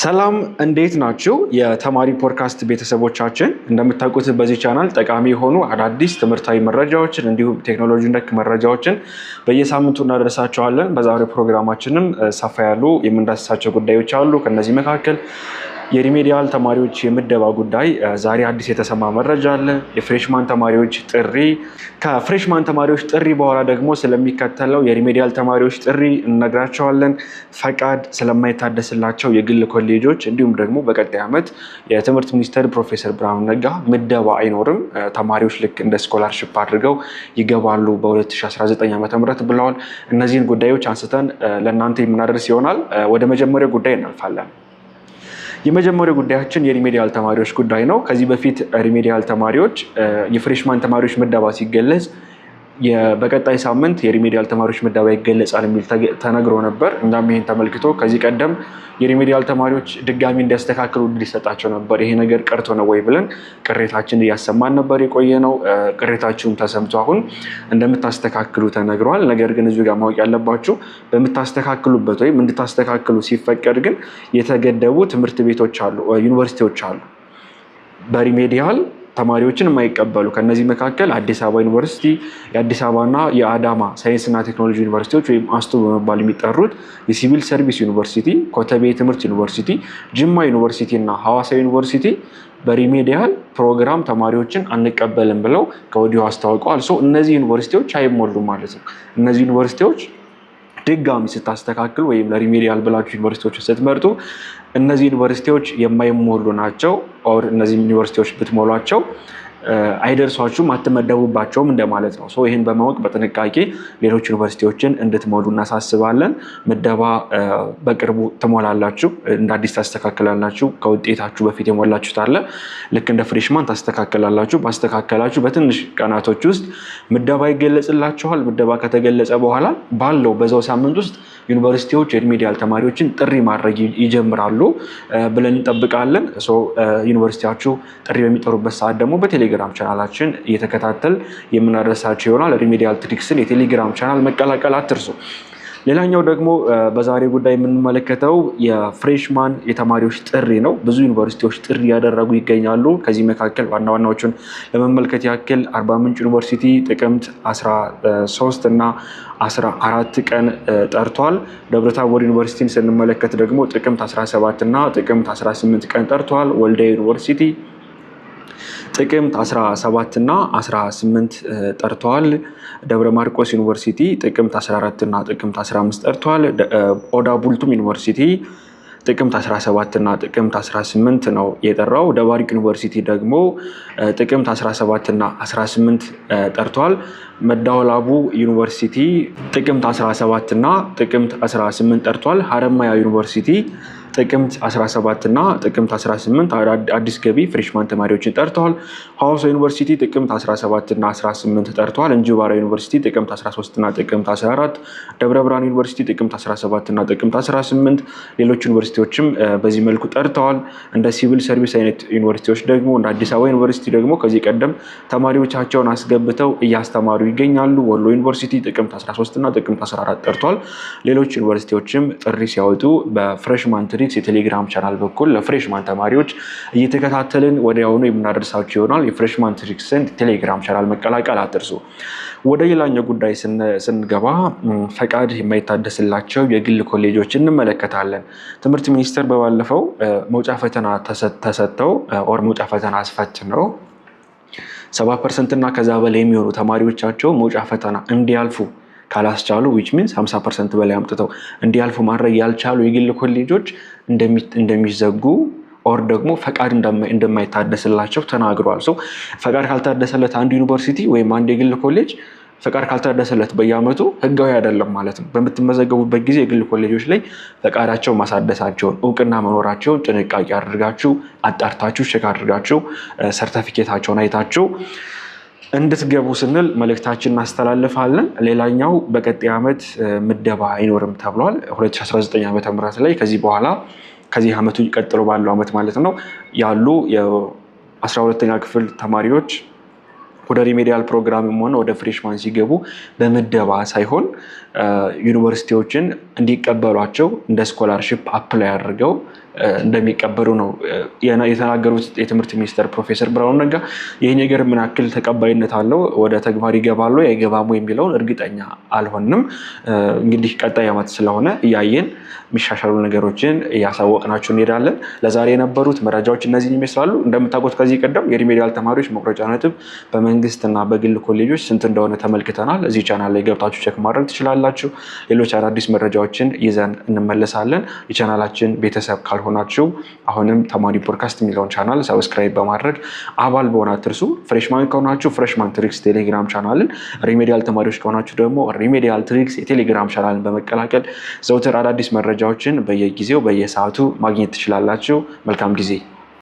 ሰላም እንዴት ናችሁ? የተማሪ ፖድካስት ቤተሰቦቻችን እንደምታውቁት በዚህ ቻናል ጠቃሚ የሆኑ አዳዲስ ትምህርታዊ መረጃዎችን እንዲሁም ቴክኖሎጂ ነክ መረጃዎችን በየሳምንቱ እናደርሳቸዋለን በዛሬው ፕሮግራማችንም ሰፋ ያሉ የምንዳስሳቸው ጉዳዮች አሉ። ከነዚህ መካከል የሪሜዲያል ተማሪዎች የምደባ ጉዳይ ዛሬ አዲስ የተሰማ መረጃ አለ። የፍሬሽማን ተማሪዎች ጥሪ ከፍሬሽማን ተማሪዎች ጥሪ በኋላ ደግሞ ስለሚከተለው የሪሜዲያል ተማሪዎች ጥሪ እነግራቸዋለን። ፈቃድ ስለማይታደስላቸው የግል ኮሌጆች እንዲሁም ደግሞ በቀጣይ ዓመት የትምህርት ሚኒስትር ፕሮፌሰር ብርሃኑ ነጋ ምደባ አይኖርም፣ ተማሪዎች ልክ እንደ ስኮላርሽፕ አድርገው ይገባሉ በ2019 ዓ ም ብለዋል። እነዚህን ጉዳዮች አንስተን ለእናንተ የምናደርስ ይሆናል። ወደ መጀመሪያው ጉዳይ እናልፋለን። የመጀመሪያው ጉዳያችን የሪሜዲያል ተማሪዎች ጉዳይ ነው። ከዚህ በፊት ሪሜዲያል ተማሪዎች የፍሬሽማን ተማሪዎች ምደባ ሲገለጽ በቀጣይ ሳምንት የሪሜዲያል ተማሪዎች ምደባ ይገለጻል የሚል ተነግሮ ነበር። እናም ይህን ተመልክቶ ከዚህ ቀደም የሪሜዲያል ተማሪዎች ድጋሚ እንዲያስተካክሉ ሊሰጣቸው ይሰጣቸው ነበር። ይሄ ነገር ቀርቶ ነው ወይ ብለን ቅሬታችን እያሰማን ነበር የቆየ ነው። ቅሬታችሁም ተሰምቶ አሁን እንደምታስተካክሉ ተነግረዋል። ነገር ግን እዚሁ ጋር ማወቅ ያለባችሁ በምታስተካክሉበት ወይም እንድታስተካክሉ ሲፈቀድ ግን የተገደቡ ትምህርት ቤቶች አሉ፣ ዩኒቨርሲቲዎች አሉ በሪሜዲያል ተማሪዎችን የማይቀበሉ ከእነዚህ መካከል አዲስ አበባ ዩኒቨርሲቲ፣ የአዲስ አበባና የአዳማ ሳይንስና ቴክኖሎጂ ዩኒቨርሲቲዎች ወይም አስቱ በመባል የሚጠሩት የሲቪል ሰርቪስ ዩኒቨርሲቲ፣ ኮተቤ ትምህርት ዩኒቨርሲቲ፣ ጅማ ዩኒቨርሲቲ እና ሐዋሳ ዩኒቨርሲቲ በሪሜዲያል ፕሮግራም ተማሪዎችን አንቀበልም ብለው ከወዲሁ አስታውቀዋል። እነዚህ ዩኒቨርሲቲዎች አይሞሉም ማለት ነው። እነዚህ ዩኒቨርሲቲዎች ድጋሚ ስታስተካክል ወይም ለሪሜዲያል ብላችሁ ዩኒቨርሲቲዎችን ስትመርጡ እነዚህ ዩኒቨርሲቲዎች የማይሞሉ ናቸው። እነዚህ ዩኒቨርሲቲዎች ብትሞሏቸው አይደርሷችሁም፣ አትመደቡባቸውም እንደማለት ነው። ሰው ይህን በማወቅ በጥንቃቄ ሌሎች ዩኒቨርሲቲዎችን እንድትሞሉ እናሳስባለን። ምደባ በቅርቡ ትሞላላችሁ፣ እንደ አዲስ ታስተካክላላችሁ። ከውጤታችሁ በፊት የሞላችሁት አለ፣ ልክ እንደ ፍሬሽማን ታስተካክላላችሁ። ባስተካከላችሁ በትንሽ ቀናቶች ውስጥ ምደባ ይገለጽላችኋል። ምደባ ከተገለጸ በኋላ ባለው በዛው ሳምንት ውስጥ ዩኒቨርሲቲዎች የሪሚዲያል ተማሪዎችን ጥሪ ማድረግ ይጀምራሉ ብለን እንጠብቃለን። ዩኒቨርሲቲያችሁ ጥሪ በሚጠሩበት ሰዓት ደግሞ በቴሌግራም ቻናላችን እየተከታተል የምናደርሳቸው ይሆናል። ሪሚዲያል ትሪክስን የቴሌግራም ቻናል መቀላቀል አትርሱ። ሌላኛው ደግሞ በዛሬ ጉዳይ የምንመለከተው የፍሬሽማን የተማሪዎች ጥሪ ነው። ብዙ ዩኒቨርሲቲዎች ጥሪ እያደረጉ ይገኛሉ። ከዚህ መካከል ዋና ዋናዎቹን ለመመልከት ያክል አርባ ምንጭ ዩኒቨርሲቲ ጥቅምት 13 እና 14 ቀን ጠርቷል። ደብረታቦር ዩኒቨርሲቲን ስንመለከት ደግሞ ጥቅምት 17 እና ጥቅምት 18 ቀን ጠርቷል። ወልዲያ ዩኒቨርሲቲ ጥቅምት 17 እና 18 ጠርተዋል። ደብረ ማርቆስ ዩኒቨርሲቲ ጥቅምት 14 እና ጥቅምት 15 ጠርተዋል። ኦዳ ቡልቱም ዩኒቨርሲቲ ጥቅምት 17 እና ጥቅምት 18 ነው የጠራው። ደባርቅ ዩኒቨርሲቲ ደግሞ ጥቅምት 17 እና 18 ጠርቷል። መዳወላቡ ዩኒቨርሲቲ ጥቅምት 17 እና ጥቅምት 18 ጠርቷል። ሀረማያ ዩኒቨርሲቲ ጥቅምት 17 እና ጥቅምት 18 አዲስ ገቢ ፍሬሽማን ተማሪዎችን ጠርተዋል። ሐዋሳ ዩኒቨርሲቲ ጥቅምት 17 እና 18 ጠርተዋል። እንጅባራ ዩኒቨርሲቲ ጥቅምት 13 እና ጥቅምት 14፣ ደብረ ብርሃን ዩኒቨርሲቲ ጥቅምት 17 እና ጥቅምት 18፣ ሌሎች ዩኒቨርሲቲዎችም በዚህ መልኩ ጠርተዋል። እንደ ሲቪል ሰርቪስ አይነት ዩኒቨርሲቲዎች ደግሞ እንደ አዲስ አበባ ዩኒቨርሲቲ ደግሞ ከዚህ ቀደም ተማሪዎቻቸውን አስገብተው እያስተማሩ ይገኛሉ። ወሎ ዩኒቨርሲቲ ጥቅምት 13 እና ጥቅምት 14 ጠርተዋል። ሌሎች ዩኒቨርሲቲዎችም ጥሪ ሲያወጡ በፍሬሽማን ትሪ ሳይንስ የቴሌግራም ቻናል በኩል ለፍሬሽማን ተማሪዎች እየተከታተልን ወዲያውኑ የምናደርሳቸው ይሆናል። የፍሬሽማን ትሪክስን ቴሌግራም ቻናል መቀላቀል አትርሱ። ወደ ሌላኛው ጉዳይ ስንገባ ፈቃድ የማይታደስላቸው የግል ኮሌጆች እንመለከታለን። ትምህርት ሚኒስቴር በባለፈው መውጫ ፈተና ተሰጥተው ኦር መውጫ ፈተና አስፈትነው ሰባ ፐርሰንትና ከዛ በላይ የሚሆኑ ተማሪዎቻቸው መውጫ ፈተና እንዲያልፉ ካላስቻሉ ዊች ሚንስ 50 ፐርሰንት በላይ አምጥተው እንዲያልፉ ማድረግ ያልቻሉ የግል ኮሌጆች እንደሚዘጉ ኦር ደግሞ ፈቃድ እንደማይታደስላቸው ተናግሯል። ሰው ፈቃድ ካልታደሰለት አንድ ዩኒቨርሲቲ ወይም አንድ የግል ኮሌጅ ፈቃድ ካልታደሰለት በየአመቱ ህጋዊ አይደለም ማለት ነው። በምትመዘገቡበት ጊዜ የግል ኮሌጆች ላይ ፈቃዳቸው ማሳደሳቸውን፣ እውቅና መኖራቸውን ጥንቃቄ አድርጋችሁ አጣርታችሁ ቼክ አድርጋችሁ ሰርተፊኬታቸውን አይታችሁ እንድትገቡ ስንል መልእክታችን እናስተላልፋለን። ሌላኛው በቀጣይ ዓመት ምደባ አይኖርም ተብሏል። 2019 ዓ ም ላይ ከዚህ በኋላ ከዚህ ዓመቱ ቀጥሎ ባለው ዓመት ማለት ነው ያሉ የ12ኛ ክፍል ተማሪዎች ወደ ሪሜዲያል ፕሮግራምም ሆነ ወደ ፍሬሽማን ሲገቡ በምደባ ሳይሆን ዩኒቨርሲቲዎችን እንዲቀበሏቸው እንደ ስኮላርሽፕ አፕላይ አድርገው እንደሚቀበሉ ነው የተናገሩት የትምህርት ሚኒስተር ፕሮፌሰር ብርሃኑ ነጋ። ይህ ነገር ምን ያክል ተቀባይነት አለው፣ ወደ ተግባር ይገባሉ አይገባሙ የሚለውን እርግጠኛ አልሆንም። እንግዲህ ቀጣይ ዓመት ስለሆነ እያየን የሚሻሻሉ ነገሮችን እያሳወቅናችሁ እንሄዳለን። ለዛሬ የነበሩት መረጃዎች እነዚህን ይመስላሉ። እንደምታውቁት ከዚህ ቀደም የሪሜዲያል ተማሪዎች መቁረጫ ነጥብ በመንግስትና በግል ኮሌጆች ስንት እንደሆነ ተመልክተናል። እዚህ ቻናል ላይ ገብታችሁ ቸክ ማድረግ ትችላላችሁ። ሌሎች አዳዲስ መረጃዎችን ይዘን እንመለሳለን። የቻናላችን ቤተሰብ ካልሆነ ካልሆናችሁ አሁንም ተማሪ ፖድካስት የሚለውን ቻናል ሰብስክራይብ በማድረግ አባል በሆን አትርሱ። ፍሬሽማን ከሆናችሁ ፍሬሽማን ትሪክስ ቴሌግራም ቻናልን፣ ሪሜዲያል ተማሪዎች ከሆናችሁ ደግሞ ሪሜዲያል ትሪክስ የቴሌግራም ቻናልን በመቀላቀል ዘውትር አዳዲስ መረጃዎችን በየጊዜው በየሰዓቱ ማግኘት ትችላላችሁ። መልካም ጊዜ